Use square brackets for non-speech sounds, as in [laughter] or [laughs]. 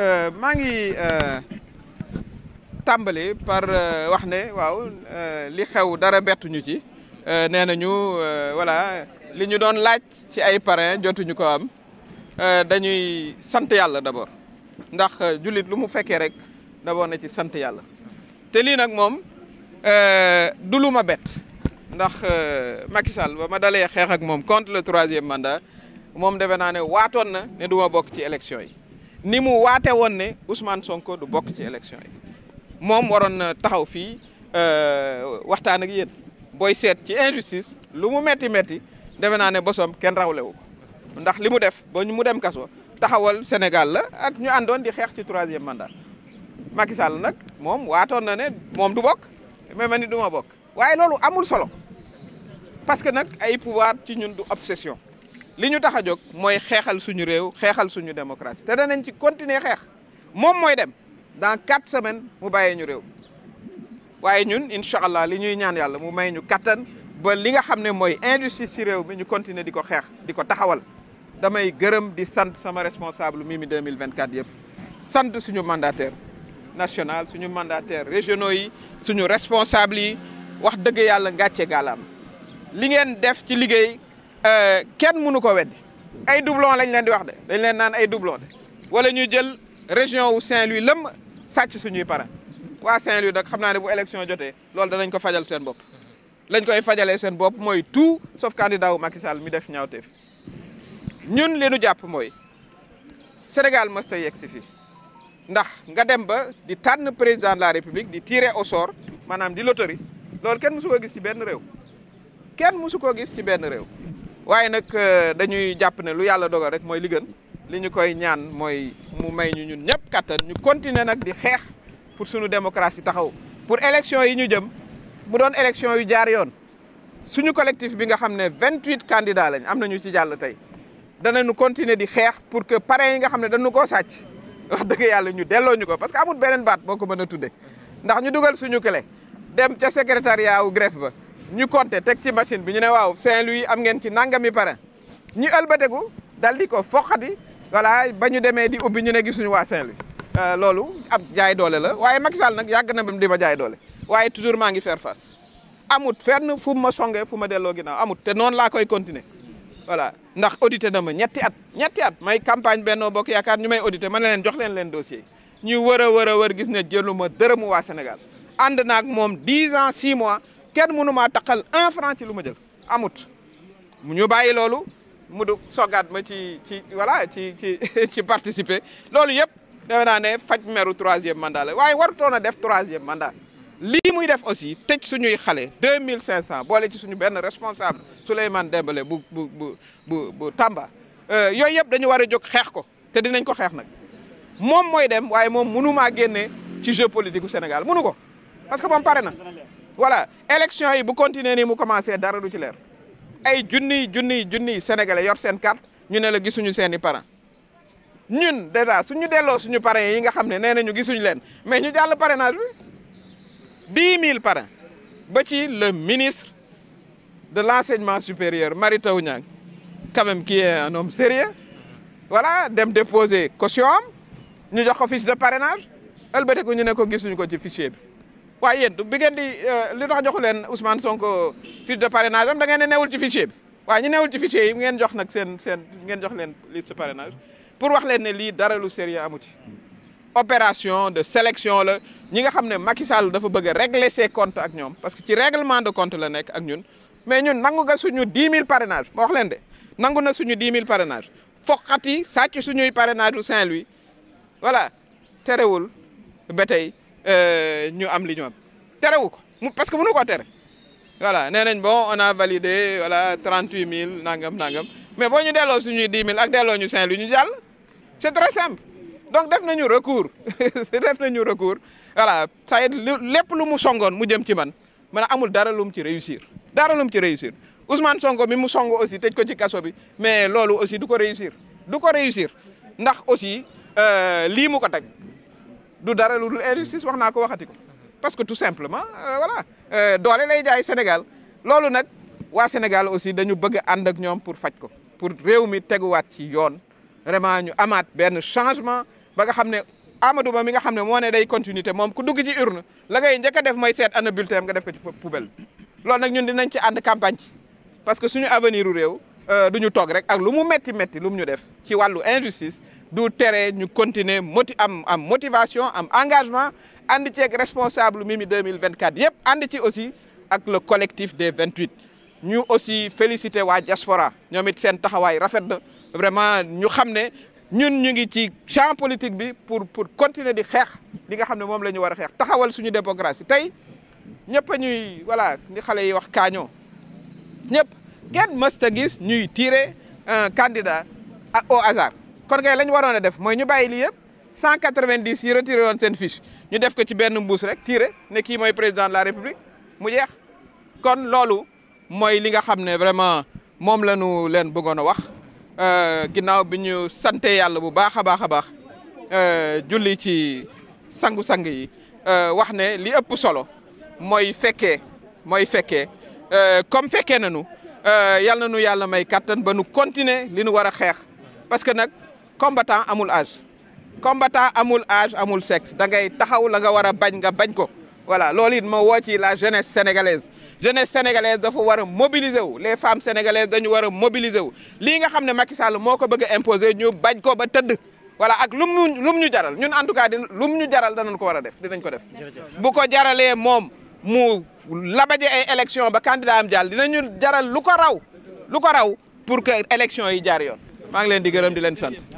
Euh, maa ngi euh, tàmbali par euh, wax ne waaw li xew dara betuñu ci nee nañu voilà li ñu doon laaj ci ay parrain jotuñu ko am dañuy sant yàlla d'abord ndax julit lu mu fekkee rek d'abord na ci sant yàlla te lii nag moom du lu ma bett ndax Macky Sall ba ma dalee xeex ak moom contre le troisième mandat moom defe naa ne waatoon na ne du ma bokk ci élection yi ni mu waate woon ne Ousmane Sonko du bokk ci élection yi moom waroon na taxaw fii euh, waxtaan ak yéen booy seet ci injustice lu mu metti metti defe naa ne bosom kenn rawlewu ko ndax li mu def ba mu dem kaso taxawal Sénégal la ak ñu àndoon di xeex ci troisième mandat Macky Sall nag moom waatoon na ne moom du bokk mais man ni du ma bokk waaye loolu amul solo parce que nag ay pouvoir ci ñun du obsession li ñu tax a jóg mooy xeexal suñu réew xeexal suñu démocratie te danañ ci continuer xeex moom mooy dem dans quatre semaines mu bàyyee ñu réew waaye ñun incha allah li ñuy ñaan yàlla mu may ñu kattan ba li nga xam ne mooy injustice ci réew mi ñu continuer di ko xeex di ko taxawal damay gërëm di sant sama responsable Mimi 2024 yëpp sant suñu mandataire national suñu mandataire régionaux yi suñu responsable yi wax dëgg yàlla ngàcce gaalaam li ngeen def ci liggéey Euh, kenn mënu ko weddi ay doublon lañ leen di wax de dañ leen naan ay doublon de wala ñuy jël région wu Saint-Louis lëmm sàcc suñuy parrain waa Saint-Louis nag xam naa ne bu élection jotee loolu danañ ko fajal seen bopp lañ koy fajalee seen bopp mooy tout sauf candidat wu Macky Sall mi def ñaawteef ñun li nu jàpp mooy Sénégal mësta yegg si fi ndax nga dem ba di tànn président de la république di tiire au sort manaam di loterie lool kenn mësu ko gis ci benn réew kenn mësu ko gis ci benn réew waaye nag euh, dañuy jàpp ne lu yàlla dogal rek mooy li li ñu koy ñaan mooy mu may ñu ñun ñëpp kàttan ñu continuer nag di xeex pour suñu démocratie taxaw pour élection yi ñu jëm mu doon élection yu jaar yoon suñu collectif bi nga xam ne vingt-huit candidats lañ am na ñu ci jàll tey nu continuer di xeex pour que parrain yi nga xam ne dañu ko sàcc wax dëgg yàlla ñu delloo ñu ko parce que amul beneen baat boo ko mën a tudde ndax ñu dugal suñu clé dem ca secrétariat wu greffe ñu compté teg ci machine bi ñu ne waaw Saint-Louis am ngeen ci nangami parrain ñu ëlbateku dal di ko foqati voilà ba ñu demee di ubbi ñu ne gisuñu waa Saint-Louis euh, loolu ab jaay doole la waaye Macky Sall nag yàgg na bam di ma jaay doole waaye toujours maa ngi faire face amut fen fu ma songee fu ma delloo gi ginnaaw amut te noonu laa koy continuer voilà ndax audité na ma ñetti at ñetti at may campagne benn Bokk Yaakaar ñu may audite ma ne leen jox leen leen dossier ñu wër a wër a wër gis ne jëlu ma dërëmu waa Sénégal ànd naag moom 10 ans 6 mois kenn mënu maa taqal un franc ci lu ma jël amut mu ñu bàyyi loolu mu du soggaat ma ci ci voilà ci ci [laughs] ci participer loolu yëpp defe naa ne faj meru troisième mandat waaye war a def troisième mandat lii muy def aussi tëj suñuy xale deux mille cinq cent boole ci suñu benn responsable Souleymane Dembélé bu bu bu bu bu Tamba euh, yooyu yëpp dañu war a jóg xeex ko te dinañ ko xeex nag moom mooy dem waaye moom mënumaa génne ci jeu politique u Sénégal mënu ko parce que moom na voilà élection yi bu continuer nii mu commencer dara du ci leer ay junni junniy junni sénégalais yor seen carte ñu ne la gisuñu seen i parents ñun déjà suñu delloo suñu parents yi nga xam ne nee nañu gisuñu leen mais ñu jàll parrainage bi dix mille parrains ba ci le ministre de l' enseignement supérieur Mary Teuw Niane ki même qui est sérieux voilà dem déposer caution am ñu jox ko fiche de parrainage ëlbatiku ñu ne ko gisuñu ko ci fichier bi waaye yéen du bi ngeen di euh, li tax joxu leen Ousmane Sonko fiche de parrainage am da ngeen ne newul ci fichier bi waaye ñu newul ci fichier yi ngeen jox nag seen seen ngeen jox leen liste parrainage pour wax leen ne lii dara lu sérieux amu ci opération de sélection la ñi nga xam ne Macky Sall dafa bëgg réglé régler ses ak ñoom parce que ci règlement de compte la nekk ak ñun mais ñun nangu nga suñu 10 000 parrainage ma wax leen de nangu na suñu 10 000 parrainage foqat yi sàcc suñuy parrainage u Saint-Louis voilà terewul tey Euh, ñu am li ñu am terewu ko mu parce que mënu ko tere voilà nee nañ bon on a validé voilà trente huit mille nangam nangam mais boo ñu delloo suñuy dix mille ak delloo ñu cinq lu ñu jàll c' est très simple donc def nañu recours [laughs] def nañu recours voilà ça y est lépp lu mu songoon mu jëm ci man man amul dara lu ci réussir dara lu mu ci réussir Ousmane Sonko mi mu song aussi tëj ko ci kaso bi mais loolu aussi du ko réussir du ko réussir ndax aussi euh, lii mu ko teg. du dara lu dul injustice wax naa ko waxati ko parce que tout simplement euh, voilà euh, doole lay jaay Sénégal loolu nag waa Sénégal aussi dañu bëgg a ànd ak ñoom pour faj ko pour réew mi teguwaat ci yoon vraiment ñu amaat benn changement ba nga xam ne Amadou Ba mi ga xam ne moo ne day continuité moom ku dugg ci urne la ngay njëkk def mooy seet ana bulletin nga def ko ci poubelle loolu nag ñun dinañ ci ànd campagne ci parce que suñu avenir u réew euh, du ñu toog rek ak lu mu metti metti lu ñu def ci wàllu injustice du tere ñu continuer moti am am motivation am engagement ànd ci ak responsable Mimi 2024 yëpp ànd ci aussi ak le collectif des 28 ñu aussi féliciter waa diaspora ñoom it seen taxawaay rafet na vraiment ñu xam ne ñun ñu ngi ci champ politique bi pour pour continuer di xeex li nga xam ne moom la ñu war a xeex taxawal suñu démocratie tey ñëpp a ñuy voilà ni xale yi wax kaañoo ñëpp kenn mësta gis ñuy tirer un candidat au hasard kon kay la ñu waroon a def mooy ñu bàyyi lii yëpp 190 yi retiré woon seen fiche ñu def ko ci benn mbuus rek tiré ne kii mooy président de la république mu yeex kon loolu mooy li nga xam ne vraiment moom la ñu leen bëggoon a wax euh, ginnaaw bi ñu sante yàlla bu baax a baax a baax euh, julli ci sangu-sang yi euh, wax ne li ëpp solo mooy fekkee mooy fekkee comme fekkee nañu yàlla na nu yàlla may kattan ba nu continuer li nu war a xeex parce que nag combattant amul âge combattant amul âge amul sexe da ngay taxaw la nga war a bañ nga bañ ko voilà loolu it ma woo ci la jeunesse sénégalaise jeunesse sénégalaise dafa war a mobiliser wu les femmes sénégalaises dañu war a mobiliser wu lii nga xam ne Macky Sall moo ko bëgg a imposer ñu bañ ko ba tëdd wala ak lum ñu lum ñu jaral ñun en tout cas lum ñu jaral danañ ko war def dinañ ko def bu ko jaralee moom mu labaje ay élection ba candidat am dina ñun jaral lu ko raw lu ko raw pour que élection yi jaar yoon maa ngi leen di gërëm di leen sant